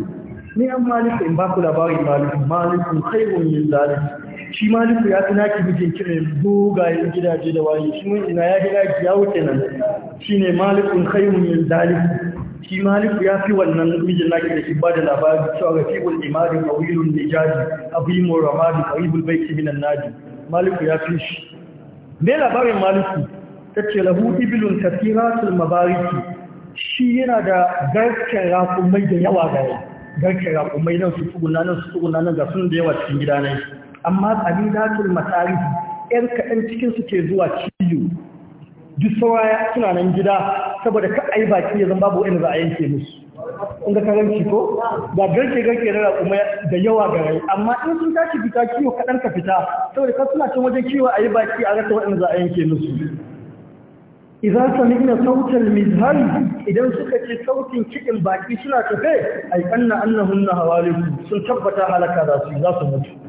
ni an maliku in ba ku labarin maliku maliku khairun min zalika shi maliku ya fi naki bijin kira dogayen gidaje da waye shi mun ina ya fi ki ya wuce nan shi ne malikun khairun min zaliku shi maliku ya fi wannan mijin naki da shi ba da labari cewa ga fiul imadin awilun nijaji abimur ramadi karibul baiti minan naji maliku ya fi shi me labarin maliku ta ce lahu ibilun kasiratul mabariki shi yana da garken rakumai da yawa gare garken rakumai nan su tsuguna nan su tsuguna nan ga sun da yawa cikin gidanai amma qalilatul masarif yan kaɗan cikin suke ke zuwa ciyo duk ya suna nan gida saboda ka ai baki ya zan babu wani za a yanke musu in ga karanci ko ga garke garke na kuma da yawa ga rai amma in sun tashi fita kiwo kaɗan ka fita saboda ka suna cin wajen kiwo a yi baki a rasa waɗanda za a yanke musu idan sami'na sautal mizhari idan suka ce sautin kiɗin baki suna tafe ai aikanna annahunna hawaliku sun tabbata halaka za su za su mutu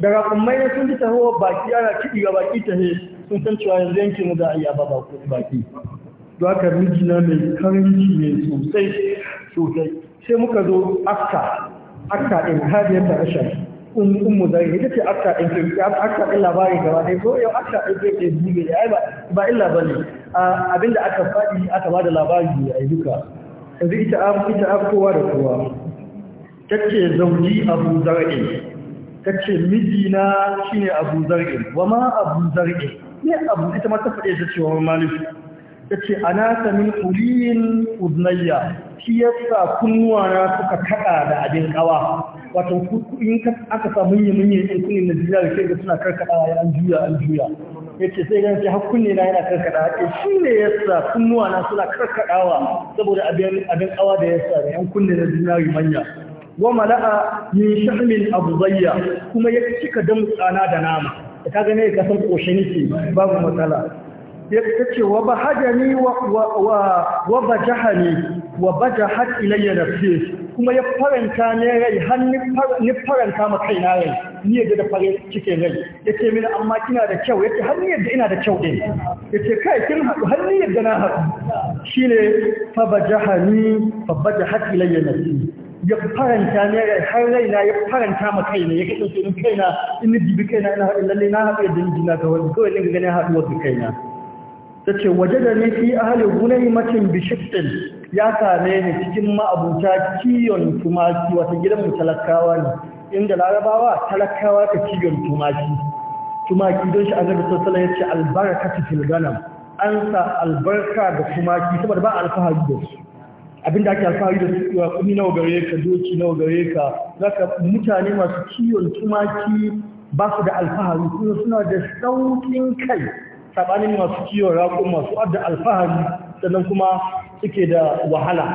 Daga da raƙummai sun ji wa baki ana kiɗi ga baki ta he sun san cewa yanzu yanki mu za a yi a ba baki don haka mijina mai karanci ne sosai sosai sai muka zo akka akka ɗin hadiyar ta ashar in um, mu zai ita ce akka ɗin ke akka ɗin labari gaba ɗaya ko yau akka ɗin ke ke buge da yi ba illa ba ne abinda aka faɗi aka ba da labari a yi duka yanzu ita am kowa da kowa ta ce zauji abu zara'in ta ce mijina shi ne abu zar'in wa ma abu zar'in ne abu ita ma ta faɗe ta ce wa malifu ta ce ana ta min kuliyin udnayya shi ya sa kunnuwa na suka kaɗa da abin kawa wato in aka sa munyi munyi in kunni na jiya da suna karkaɗa ya an juya an juya ya sai ganin har kunne na yana karkaɗa ya shi ne kunnuwa na suna karkaɗawa saboda abin kawa da ya sa da yan kunne na zinari manya wa mala'a min shahmin zayya kuma ya cika mutsana da nama ka gane ka san koshe nake babu matsala ya ce, wa bahajani wa wa wa bajahani wa bajahat ilayya nafsi kuma ya faranta ne rai har ni faranta ma kaina rai ni yadda da fare cike rai yace mini amma kina da kyau yace har ni yadda ina da kyau din yace kai kin haɗu har ni yadda na haɗu shine fa bajahani fa bajahat ilayya nafsi ya faranta ne har raina ya faranta ma kaina ya kasance in kaina in ni bibi kaina ina lalle na haɗu yadda ga wani kawai ɗin ganin haɗuwar da kaina ta ce waje da ni fi ahalin gunai macin bishiftin ya same ni cikin ma'abuta kiyon tumaki wata gidan mu talakawa ne inda larabawa talakawa ka kiyon tumaki tumaki don shi annabi sallallahu alaihi yace ya ce albarakatu fil ganam an sa albarka ga tumaki saboda ba alfahari da su abin da ake alfahari da su kuni nawa gare ka doki nawa gare ka zaka mutane masu kiwon tumaki ba su da alfahari kuma suna da saukin kai sabanin masu kiwon raƙo masu da alfahari sannan kuma suke da wahala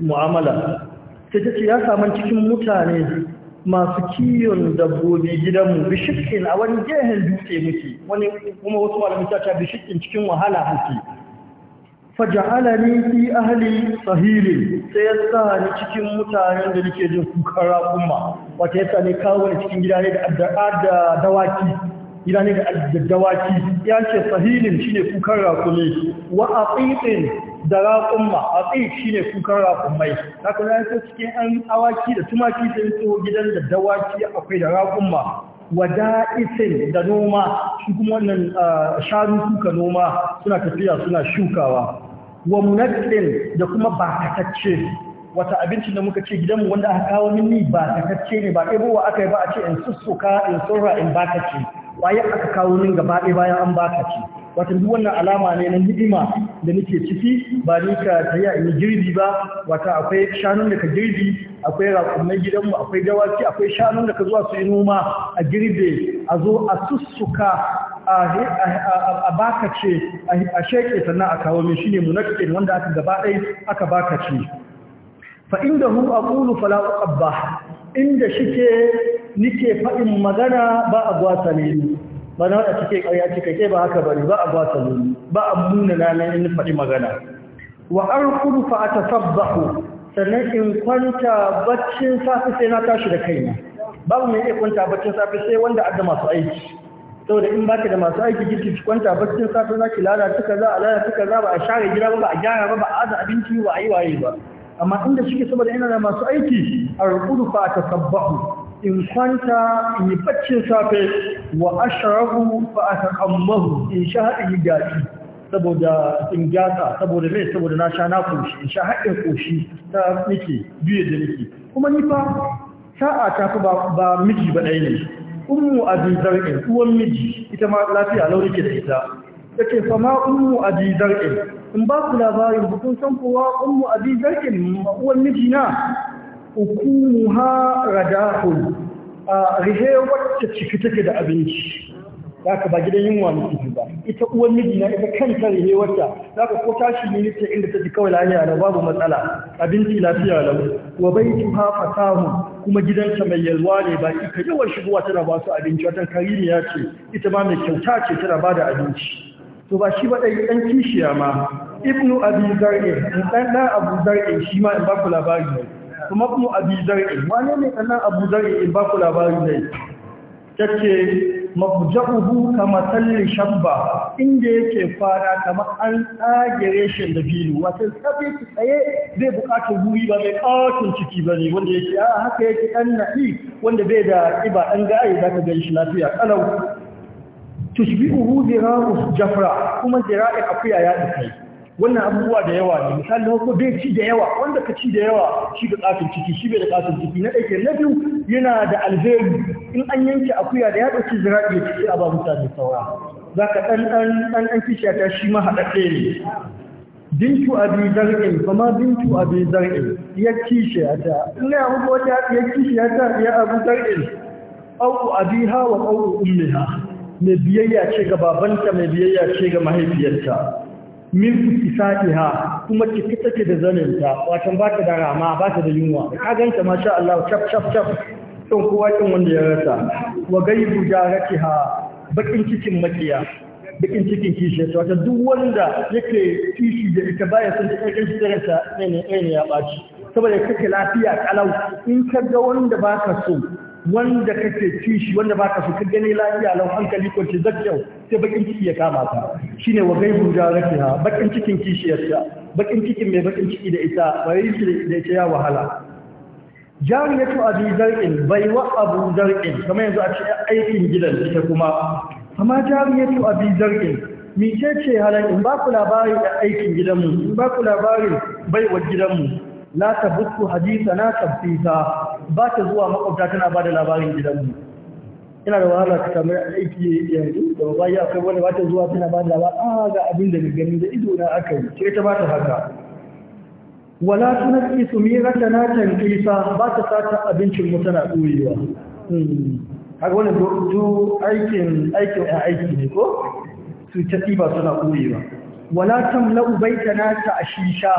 mu'amala sai ta ce ya samu cikin mutane masu kiwon dabbobi gidanmu bishikin a wani gehen dutse muke wani kuma wasu malamai ta ce bishikin cikin wahala muke faja'alani fi ahli sahilin sai ya sa ni cikin mutanen da nake jin kukan kuma wata ya sa ni kawo ni cikin gida ne da dawaki gida ne da dawaki ya ce sahilin shine kukan raƙumi wa aqiqin da raƙuma aqiq shine kukan raƙumai haka ya ce cikin an awaki da tumaki sai to gidan da dawaki akwai da raƙuma wada'isin da noma shi kuma wannan ah, shanu suka noma suna tafiya suna shukawa wa munaddin da kuma bakatacce wata abincin da muka ce gidanmu wanda aka kawo ba bakatacce ne ba ɗebowa aka yi ba a ce in sussuka in tsora in bakace waye aka kawo min gaba ɗaya bayan an bakace wata duk wannan alama ne na hidima da nake ciki ba ni ka tayya in girbi ba wata akwai shanun da ka girbi akwai raƙumai gidanmu akwai dawaki akwai shanun da ka zuwa su yi noma a girbe a zo a sussuka a baka ce a sheke sannan a kawo min shine munaqqin wanda aka gaba dai aka baka ce fa hu aqulu fala uqabba inda shike nike fadin magana ba a gwata ne ba na wada cike ƙarya cike kai ba haka bari ba a gwata ne ba a muna na in fadi magana wa arqudu fa atasabbahu sannan in kwanta baccin safi sai na tashi da kaina babu mai iya kwanta baccin safi sai wanda adda masu aiki saboda in baka da masu aiki girki ki kwanta baccin kafin za ki lalata za, a lalata za ba a share gida ba ba a gyara ba ba a aza abinci ba a yi waye ba amma inda suke saboda ina da masu aiki a rukudu fa tasabbahu in kwanta in yi baccin safe wa ashrabu fa ataqammahu in sha hadin gadi saboda in gasa saboda mai saboda na sha na koshi in sha hadin koshi ta nake biye da nake kuma ni fa sa'a ta fi ba miji ba ɗaya ne ummu abi zar'in uwan miji ita ma lafiya lauri ke da ita take fama ummu abi zar'in in ba ku labarin kun san kowa ummu abi zar'in uwan miji na ukumuha radahul a rihe wacce ciki take da abinci za ka ba gidan yunwa na ciki ba ita uwan miji na ita kanta rehe wata za ka ko tashi ne nita inda ta ji kawai lafiya na babu matsala abinci lafiya na wa bai ci hafa samu kuma gidanta mai yalwa ne ba ka yawan shigowa tana ba su abinci karimi ya ce ita ma mai kyauta ce tana ba da abinci to ba shi ba dai ɗan kishiya ma ibnu abi zar'i ɗan dan abu zar'i shi ma in ba ku labari ne kuma ibnu abi zar'i wane ne ɗan abu zar'i in ba ku labari ne yake mafuja'uhu kama tsalli shabba inda yake fara kamar an tsagere shi da filu wato tsabe ki tsaye zai bukatar guri ba mai ƙawakin ciki ba ne wanda yake a haka yake ɗan na'i wanda bai da ƙiba ɗan ga'ayi za ka gan shi lafiya ƙalau tushbi'uhu zira'u jafra kuma zira'i akuya ya kai wannan abubuwa da yawa ne misali na farko bai ci da yawa wanda ka ci da yawa shi ga katon ciki shi bai da katon ciki na ɗaya na biyu yana da alheri in an yanke akuya da ya ɗauki ziraɗi ya ciki a ba mutane saura za ka ɗan ɗan ɗan kishiyata shi ma ɗaya ne bintu abi zar'in kuma bintu biyu zar'in ya kishiyata ina ya muku ta ya shata ya abu a ƙauku hawa wa ƙauku ummiha mai biyayya ce ga babanta mai biyayya ce ga mahaifiyarta min kisaiha kuma ki take da zaninta watan ba ta da rama ba ta da yunwa ka ganta masha Allah chap chap chap don kowa din wanda ya rasa wa gaibu jaratiha bakin cikin makiya bakin cikin kishi wata duk wanda yake kishi da ita baya son ta kai shi da ne ne ya baci saboda kake lafiya kalau in ka ga wanda baka so wanda kake kishi wanda ba so ka gani lafiya lau hankali ko ce zakkiyau sai bakin ciki ya kama ka ne wa rafi ha bakin cikin kishiyarta bakin cikin mai bakin ciki da ita bari shi da ita ya wahala Jari tuwa abi zarkin bai wa abu zarkin kamar yanzu a ce aikin gidan ita kuma amma ya abi zar'in mi ce ce halayen in ba ku labarin aikin gidanmu in ba ku labarin bai wa gidanmu la tabuttu hadisa na tabtisa ba ta zuwa makwabta tana ba da labarin gidanmu ina da wahala ta kamar aiki yanzu da ba ya akwai wani ba ta zuwa tana ba da labarin a ah, ga abin da ni gani da ido na aka yi ce ta ba ta haka wala tunaki sumirata na tantisa ba ta sata abincin mu tana ɗorewa haka hmm. wani do aikin aikin aiki ne ko su ta suna wala na Ubaita ta ashisha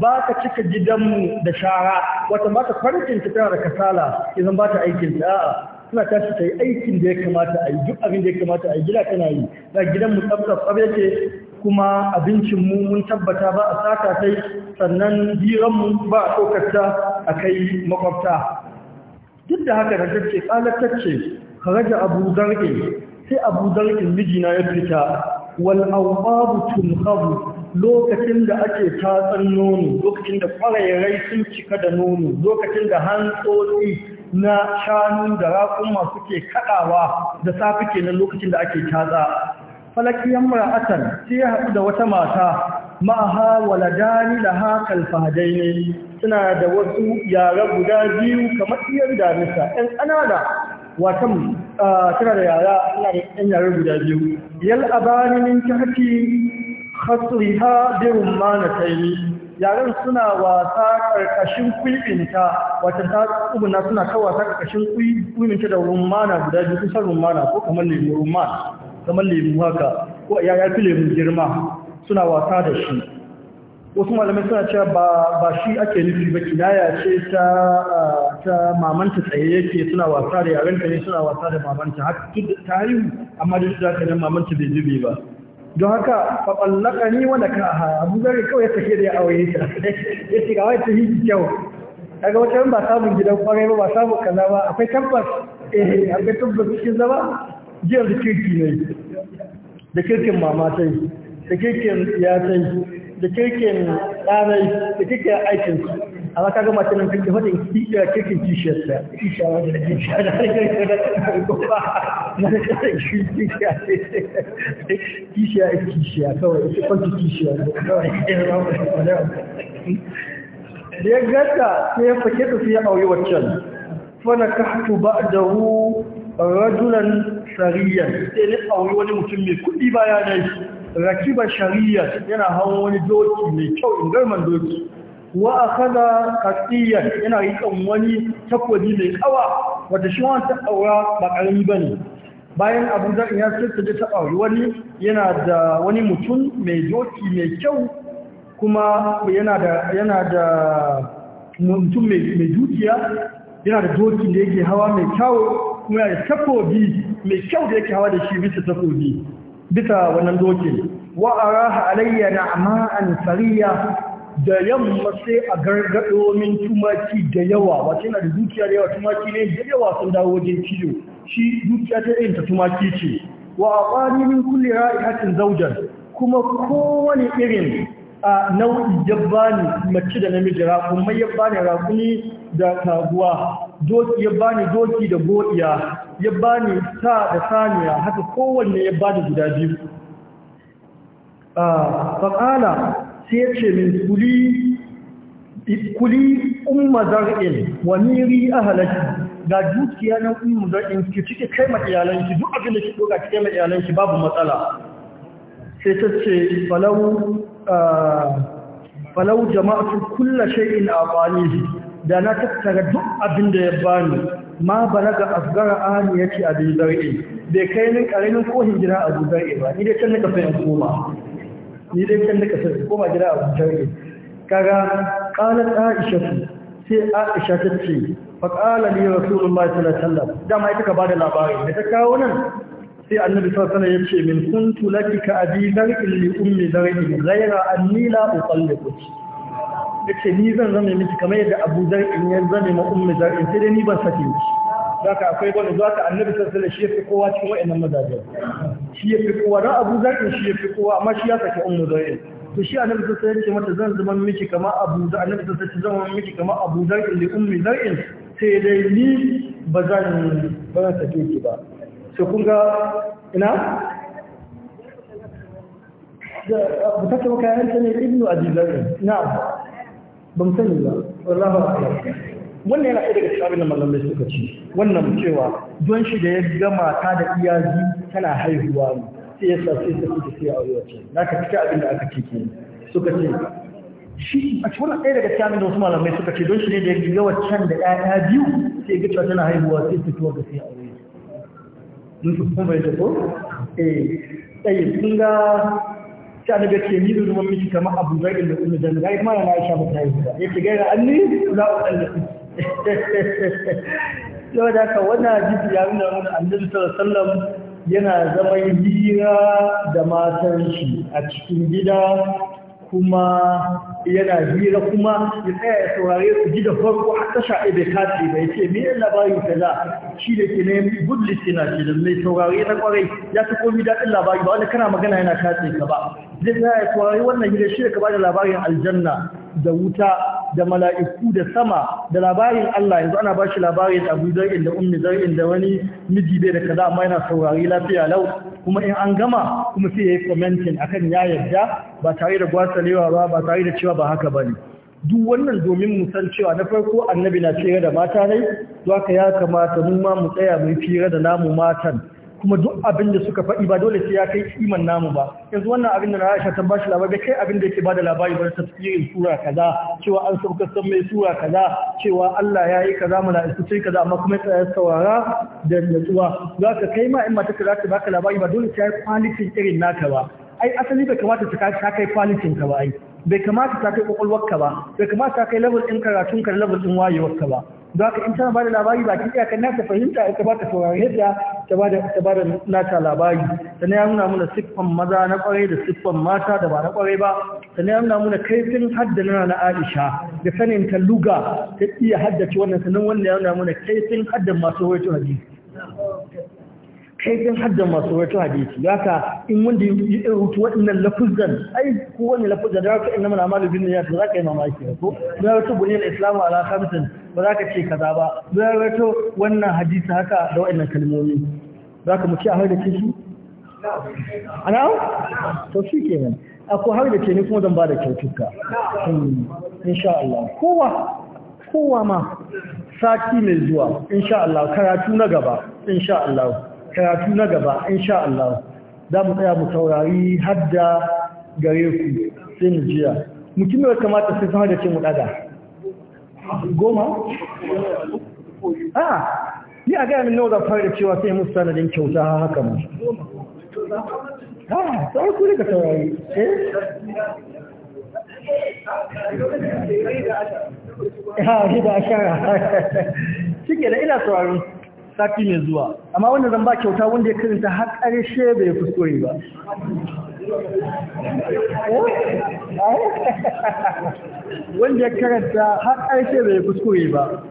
ba ka cika gidanmu da shara wata ba ta farkin ta tana da kasala idan ba ta aikin ta a'a suna tashi ta yi aikin da ya kamata a yi duk abin da ya kamata a yi gida tana yi da gidanmu tsaf tsaf yake kuma abincin mu mun tabbata ba a saka sai sannan hiranmu ba a ɗaukarta a kai makwabta duk da haka da tace ƙalar tace ka abu zarge sai abu zargin mijina ya fita wal awqabu tunqabu lokacin da ake tatsan nono lokacin da kwarairai sun cika da nono lokacin da hantsotsi na shanu da raƙuma suke kaɗawa da safi kenan lokacin da ake tatsa falakiyan mar'atan sai ya haɗu da wata mata ma'aha waladani laha kalfahadaini suna da wasu yara guda biyu kamar iyar damisa ɗan ƙanana watan Ah, tana da yara ina da ɗan yare guda biyu yal abani min tahti khasriha bi rumana tayni yaran suna wasa karkashin kuibinta wata ta tsubuna suna ta wasa karkashin kuibinta da rumana guda biyu kusan rumana ko kamar lemu rumana kamar lemu haka ko ya fi lemu girma suna wasa da shi wasu malamai suna cewa ba shi ake nufi ba kinaya ce ta mamanta tsaye yake suna wasa da yarenta ne suna wasa da mamanta haka ta yi amma da duka nan mamanta bai zube ba don haka faɓallaka ni wanda ka ha abu zai kawai ya sake da ya aure ta [LAUGHS] ya ce kawai ta yi kyau daga wata ba samun gidan kwarai ba ba samun kaza ba akwai tabbas eh akwai tabbas cikin zama jiyar da kirki ne da kirkin mama ta yi da kirkin ya ta yi da kirkin ɗanai da kirkin aikin su amma kaga mace nan kirkin fata kirkin kirkin t-shirt da t-shirt da t-shirt da kirkin da kuma na da kirkin t-shirt t-shirt is t-shirt kawai ita kwanci t-shirt kawai da ya gata sai ya fake ta sai ya auri waccan fana kahtu ba'dahu rajulan sariyan sai ne auri wani mutum mai kuɗi baya dai Rakibar shari'a yana hawan wani doki mai kyau ingarman doki wa kada qatiyan yana rika wani takwadi mai kawa wata shi wani aura ba karami bane bayan Abu Dhar ya sirta da ta wani yana da wani mutum mai doki mai kyau kuma yana da yana da mutum mai dukiya yana da dokin da yake hawa mai kyau kuma yana da takobi mai kyau da yake hawa da shi bisa takobi bisa wannan doki wa araha alayya na'ma'an sariya da yamma sai a gargado min tumaki da yawa wato na da dukiya da yawa tumaki ne da yawa sun dawo wajen ciyo shi dukiya ta irin ta tumaki ce wa aqani min kulli ra'ihatin zawjan kuma kowane irin a nau'i ya bani mace da namiji mai ya bani raƙumi da kaguwa doki ya bani doki da godiya ya bani sa da saniya haka kowanne ya bani guda biyu faƙala sai ya ce min kuli kuli umma zar'in wa miri ga dukiya nan umma ki cike kai ma iyalanki duk abin da ki doka ki kai ma iyalanki babu matsala sai ta ce falau falau jama'atu kulla shay'in aqalihi da na tattara duk abin da ya bani ma balaga asgara ani yake abin zar'i bai kai ni karamin ko hijira a zar'i ba ni dai kan nika sai koma ni dai kan nika sai koma gida a zar'i kaga qalat aisha sai aisha tace fa qala li rasulullahi sallallahu alaihi wasallam da ita ka bada labari da ta kawo nan sai annabi sallallahu alaihi wasallam min kuntu laki ka abi zarqin li ummi zarqin ghayra anni la utalliquki yace ni zan zama miki kamar yadda Abu Zarqin ya zame ma ummi zar'in, sai dai ni ban sake ki zaka akwai wani zaka annabi sallallahu alaihi wasallam shi yafi kowa cikin wayannan mazaje shi yafi kowa dan Abu Zarqin shi yafi kowa amma shi ya saki ummi zar'in. to shi annabi sallallahu alaihi wasallam mata zan zama miki kamar Abu Zarqin annabi sallallahu alaihi wasallam zama miki kamar Abu Zarqin li ummi zar'in, sai dai ni bazan bazan sake ki ba so kun ga ina ba ta kama kayan ta ne ibnu azizari na ban sani ba wallahu akbar wannan yana ɗaya daga cikin abin da mallamai suka ce. wannan cewa don shi da ya ga mata da iyazi tana haihuwa ne sai ya sai ta fita sai a wuya ce na ka fita abin da aka ce ke suka ce shi a cikin ɗaya daga cikin abin da wasu mallamai suka ce don shi ne da ya gawa can da ɗaya biyu sai ya ga cewa tana haihuwa sai ta fitowa da sai a kuma bai da ko eh, eh ga ta ni zuwa miki kamar Abu Zaid da Ummu Jalal ga kuma na Aisha ba ta yi ya yace gaira anni za ku tsallaki yau da ka wannan hadisi ya nuna mana Annabi sallallahu yana zama hira da matan shi a cikin gida kuma yana hira kuma ya tsaya ya saurare su ji da farko a tasha bai kaɗe ba ya ce me yan labarin za shi da ke nemi gudu na ce da mai saurare na kwarai ya fi komi daɗin labari ba wanda kana magana yana kaɗe ka ba zai tsaya ya saurare wannan gida shi da ka ba da labarin aljanna da wuta da mala'iku da sama da labarin Allah yanzu ana bashi labarin Abu zai da Ummi zai da wani miji bai da kaza amma yana saurari lafiya lau kuma in an gama kuma sai yayi commenting akan ya yarda ba tare da gwasalewa ba ba tare da cewa ba haka ba ne duk wannan domin mu san cewa na farko annabi na fira da mata ne to haka ya kamata mu ma mu tsaya mu fira da namu matan kuma duk abin da suka faɗi ba dole sai ya kai iman namu ba yanzu wannan abin da Aisha ta bashi labari kai abin da yake bada labari ba tafsirin sura kaza cewa an sauka san mai sura kaza cewa Allah ya yi kaza mala'iku sai kaza amma kuma tsaya saurara da natsuwa ka kai ma in mata ka zaka baka labari ba dole sai ya kwalitin irin naka ba ai asali bai kamata ta kai kwalitin ka ba ai bai kamata ta kai kwakwalwarka ba bai kamata ta kai level ɗin karatunka da level ɗin wayewarka ba don haka in tana ba da labari ba ki iyakan ta fahimta ita ba ta saurari yadda ta ba da nata labari sannan ya nuna mana siffan maza na kwarai da siffan mata da ba na kwarai ba sannan ya nuna mana kaifin haddana na aisha da sanin ta luga ta iya haddace wannan sanin wannan ya nuna mana kaifin haddan masu rawaito hadisi kaifin haddan masu wato hadisi ya ka in wanda ya rutu waɗannan lafuzan ai ko wani lafuzan da ka ina mana malubin da ya za ka yi mamaki ko da wato buniyar islamu ala khamsin ba za ka ce kaza ba da wato wannan hadisi haka da waɗannan kalmomi za ka mu ci a har da ke shi ana to shi kenan akwai har da ke ni kuma zan ba da kyautuka hmm. insha Allah kowa kowa ma sati mai zuwa insha Allah karatu na gaba insha Allah karatu na gaba sha Allah za mu tsaya mu saurari hadda gare ku sai mu jiya mutum ya kamata sai sama da ce mu daga goma ah ni a gaya min nawa zan fara cewa sai musu sanadin kyauta haka mu ah sai ku rika saurari eh ha ah, ni da ashara [LAUGHS] ke da ina saurari sati mai zuwa amma wanda zan ba kyauta wanda ya karanta har ƙarshe bai fuskure ba eh? wanda ya karanta har ƙarshe bai kuskure ba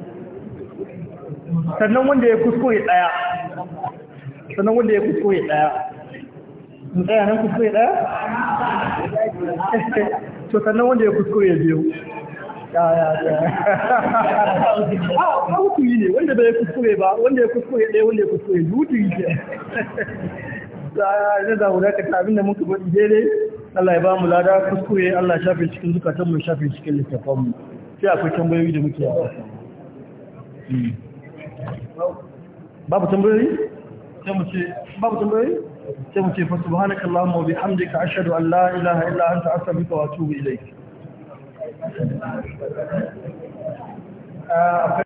sannan wanda ya kuskure ɗaya sannan wanda ya kuskure ɗaya in tsaya nan kuskure ɗaya to sannan wanda ya kuskure biyu kaya da a hukumi ne wanda bai kuskure ba wanda ya kuskure ɗaya wanda ya kuskure dutu [LAUGHS] yi ke da za mu dakata abinda muka faɗi daidai Allah ya ba mu lada kuskure Allah shafe cikin zukatan mu shafe cikin littafan mu sai akwai tambayoyi da muke yawa hmm. babu tambayoyi sai mu ce babu tambayoyi sai mu ce fa subhanakallahumma wa bihamdika ashhadu an la ilaha illa anta astaghfiruka wa atubu ilayk akwai